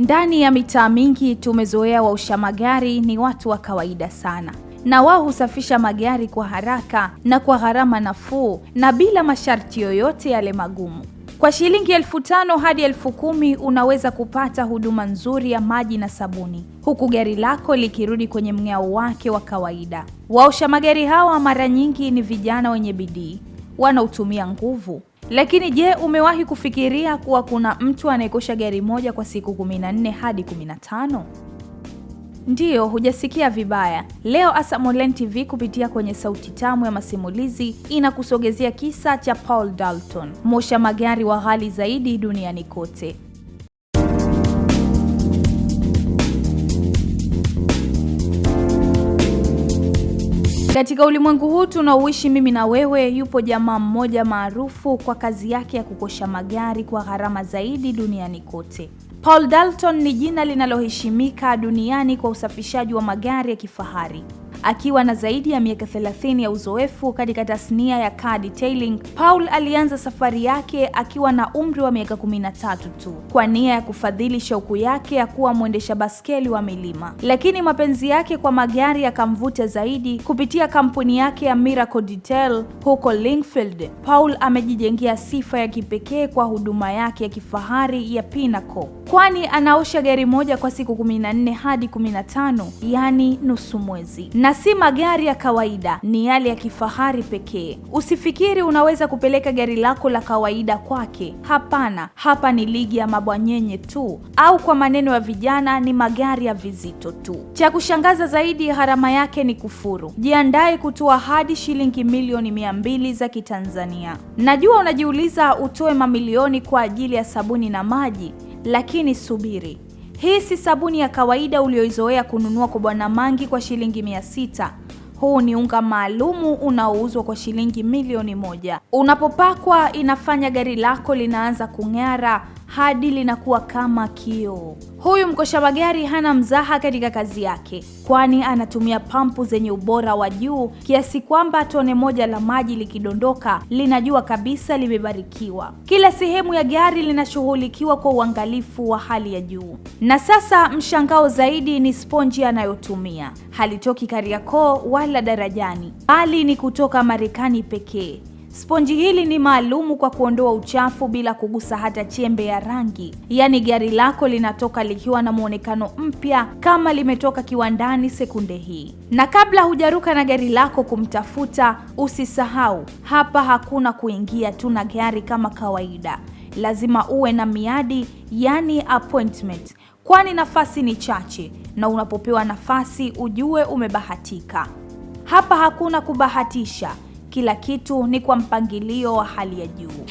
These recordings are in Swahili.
Ndani ya mitaa mingi tumezoea waosha magari ni watu wa kawaida sana, na wao husafisha magari kwa haraka na kwa gharama nafuu na bila masharti yoyote yale magumu. Kwa shilingi elfu tano hadi elfu kumi unaweza kupata huduma nzuri ya maji na sabuni, huku gari lako likirudi kwenye mng'ao wake wa kawaida. Waosha magari hawa mara nyingi ni vijana wenye bidii wanaotumia nguvu lakini je, umewahi kufikiria kuwa kuna mtu anayekosha gari moja kwa siku 14 hadi 15? Ndiyo, hujasikia vibaya. Leo ASAM Online TV kupitia kwenye sauti tamu ya masimulizi inakusogezea kisa cha Paul Dalton, mosha magari wa ghali zaidi duniani kote. Katika ulimwengu huu tunaoishi mimi na wewe, yupo jamaa mmoja maarufu kwa kazi yake ya kukosha magari kwa gharama zaidi duniani kote. Paul Dalton ni jina linaloheshimika duniani kwa usafishaji wa magari ya kifahari. Akiwa na zaidi ya miaka 30 ya uzoefu katika tasnia ya car detailing, Paul alianza safari yake akiwa na umri wa miaka 13 tu kwa nia ya kufadhili shauku yake ya kuwa mwendesha baskeli wa milima, lakini mapenzi yake kwa magari yakamvuta zaidi. Kupitia kampuni yake ya Miracle Detail huko Lingfield, Paul amejijengea sifa ya kipekee kwa huduma yake ya kifahari ya Pinnacle, kwani anaosha gari moja kwa siku 14 hadi 15, yani nusu mwezi na na si magari ya kawaida, ni yale ya kifahari pekee. Usifikiri unaweza kupeleka gari lako la kawaida kwake. Hapana, hapa ni ligi ya mabwanyenye tu, au kwa maneno ya vijana ni magari ya vizito tu. Cha kushangaza zaidi, gharama yake ni kufuru. Jiandae kutoa hadi shilingi milioni mia mbili za Kitanzania. Najua unajiuliza utoe mamilioni kwa ajili ya sabuni na maji, lakini subiri. Hii si sabuni ya kawaida ulioizoea kununua kwa Bwana Mangi kwa shilingi mia sita. Huu ni unga maalumu unaouzwa kwa shilingi milioni moja. Unapopakwa inafanya gari lako linaanza kung'ara hadi linakuwa kama kioo. Huyu mkosha magari hana mzaha katika kazi yake, kwani anatumia pampu zenye ubora wa juu kiasi kwamba tone moja la maji likidondoka linajua kabisa limebarikiwa. Kila sehemu ya gari linashughulikiwa kwa uangalifu wa hali ya juu. Na sasa mshangao zaidi ni sponji anayotumia, halitoki Kariakoo wala darajani, bali ni kutoka Marekani pekee. Sponji hili ni maalumu kwa kuondoa uchafu bila kugusa hata chembe ya rangi, yaani gari lako linatoka likiwa na muonekano mpya kama limetoka kiwandani sekunde hii. Na kabla hujaruka na gari lako kumtafuta, usisahau hapa hakuna kuingia tu na gari kama kawaida, lazima uwe na miadi, yaani appointment, kwani nafasi ni chache, na unapopewa nafasi ujue umebahatika. Hapa hakuna kubahatisha kila kitu ni kwa mpangilio wa hali ya juu.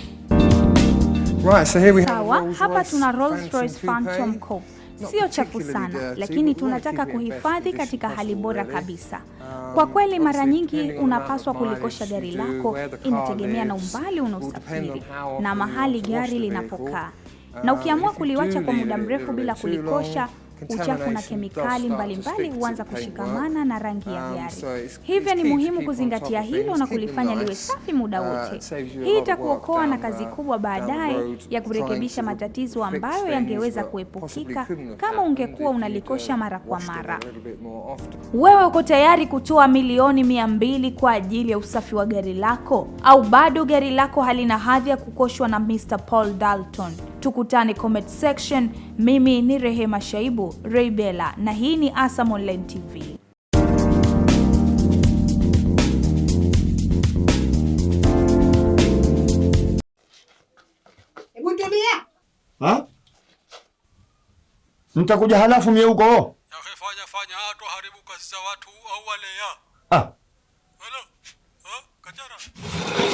Right, so here we sawa have hapa tuna Rolls-Royce Phantom Coupe Sio chafu sana lakini tunataka kuhifadhi katika hali bora kabisa. Um, kwa kweli, mara nyingi unapaswa kulikosha gari lako, inategemea na umbali unaosafiri na mahali gari linapokaa, na ukiamua um, kuliwacha kwa muda mrefu bila kulikosha uchafu na kemikali mbalimbali huanza kushikamana na rangi ya um, gari. Um, so hivyo ni muhimu kuzingatia hilo na kulifanya liwe safi muda uh, wote. hii itakuokoa na kazi kubwa baadaye ya kurekebisha matatizo ambayo yangeweza kuepukika kama ungekuwa uh, unalikosha mara kwa mara. Wewe uko tayari kutoa milioni mia mbili kwa ajili ya usafi wa gari lako, au bado gari lako halina hadhi ya kukoshwa na Mr Paul Dalton? Tukutane comment section. Mimi ni Rehema Shaibu Reibela, na hii ni ASAM Online TV. Ha? Mtakuja halafu mie huko. Fanya fanya hatu haribu kazi za watu au ya. Ah. Hello. Ha? Kachara.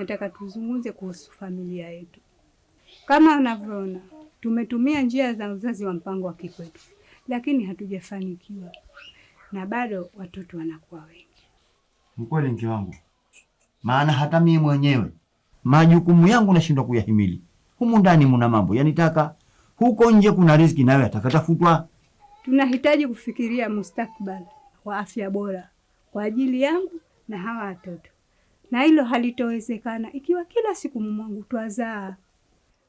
nataka tuzungumze kuhusu familia yetu. Kama unavyoona, tumetumia njia za uzazi wa mpango wa kikwetu, lakini hatujafanikiwa na bado watoto wanakuwa wengi. Mkweli mke wangu, maana hata mimi mwenyewe majukumu yangu nashindwa kuyahimili. Humu ndani muna mambo yanitaka, huko nje kuna riziki nayo atakatafutwa. Tunahitaji kufikiria mustakbal wa afya bora kwa ajili yangu na hawa watoto na hilo halitowezekana ikiwa kila siku mumwangu twazaa.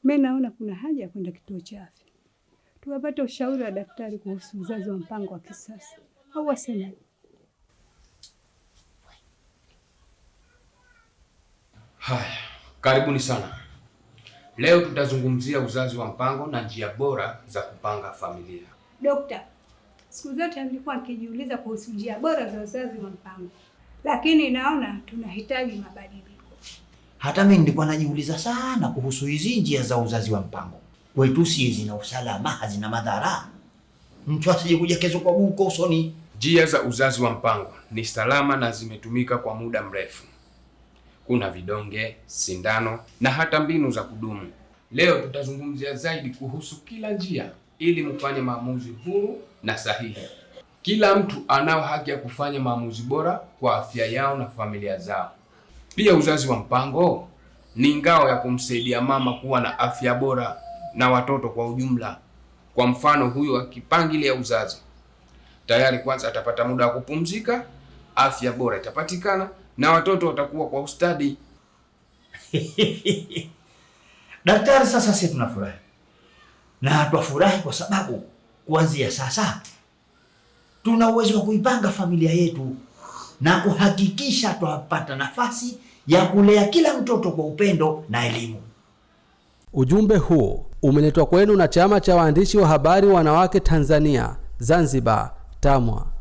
Mimi naona kuna haja ya kwenda kituo cha afya tuwapate ushauri wa daktari kuhusu uzazi wa mpango wa kisasa, au wasema Haya, karibuni sana. Leo tutazungumzia uzazi wa mpango na njia bora za kupanga familia. Dokta, siku zote nilikuwa nikijiuliza kuhusu njia bora za uzazi wa mpango lakini naona tunahitaji mabadiliko. Hata mimi nilikuwa najiuliza sana kuhusu hizi njia za uzazi wa mpango kwetu si zina usalama, hazina madhara, mtu asije kuja kesho kwa buko usoni. Njia za uzazi wa mpango ni salama na zimetumika kwa muda mrefu. Kuna vidonge, sindano na hata mbinu za kudumu. Leo tutazungumzia zaidi kuhusu kila njia ili mfanye maamuzi huru na sahihi. Kila mtu anao haki ya kufanya maamuzi bora kwa afya yao na familia zao. Pia uzazi wa mpango ni ngao ya kumsaidia mama kuwa na afya bora na watoto kwa ujumla. Kwa mfano, huyo akipangilia uzazi tayari, kwanza atapata muda wa kupumzika, afya bora itapatikana na watoto watakuwa kwa ustadi. Daktari, sasa sisi tunafurahi na twafurahi kwa sababu kuanzia sasa tuna uwezo wa kuipanga familia yetu na kuhakikisha twapata nafasi ya kulea kila mtoto kwa upendo na elimu. Ujumbe huo umeletwa kwenu na Chama cha Waandishi wa Habari Wanawake Tanzania Zanzibar, TAMWA.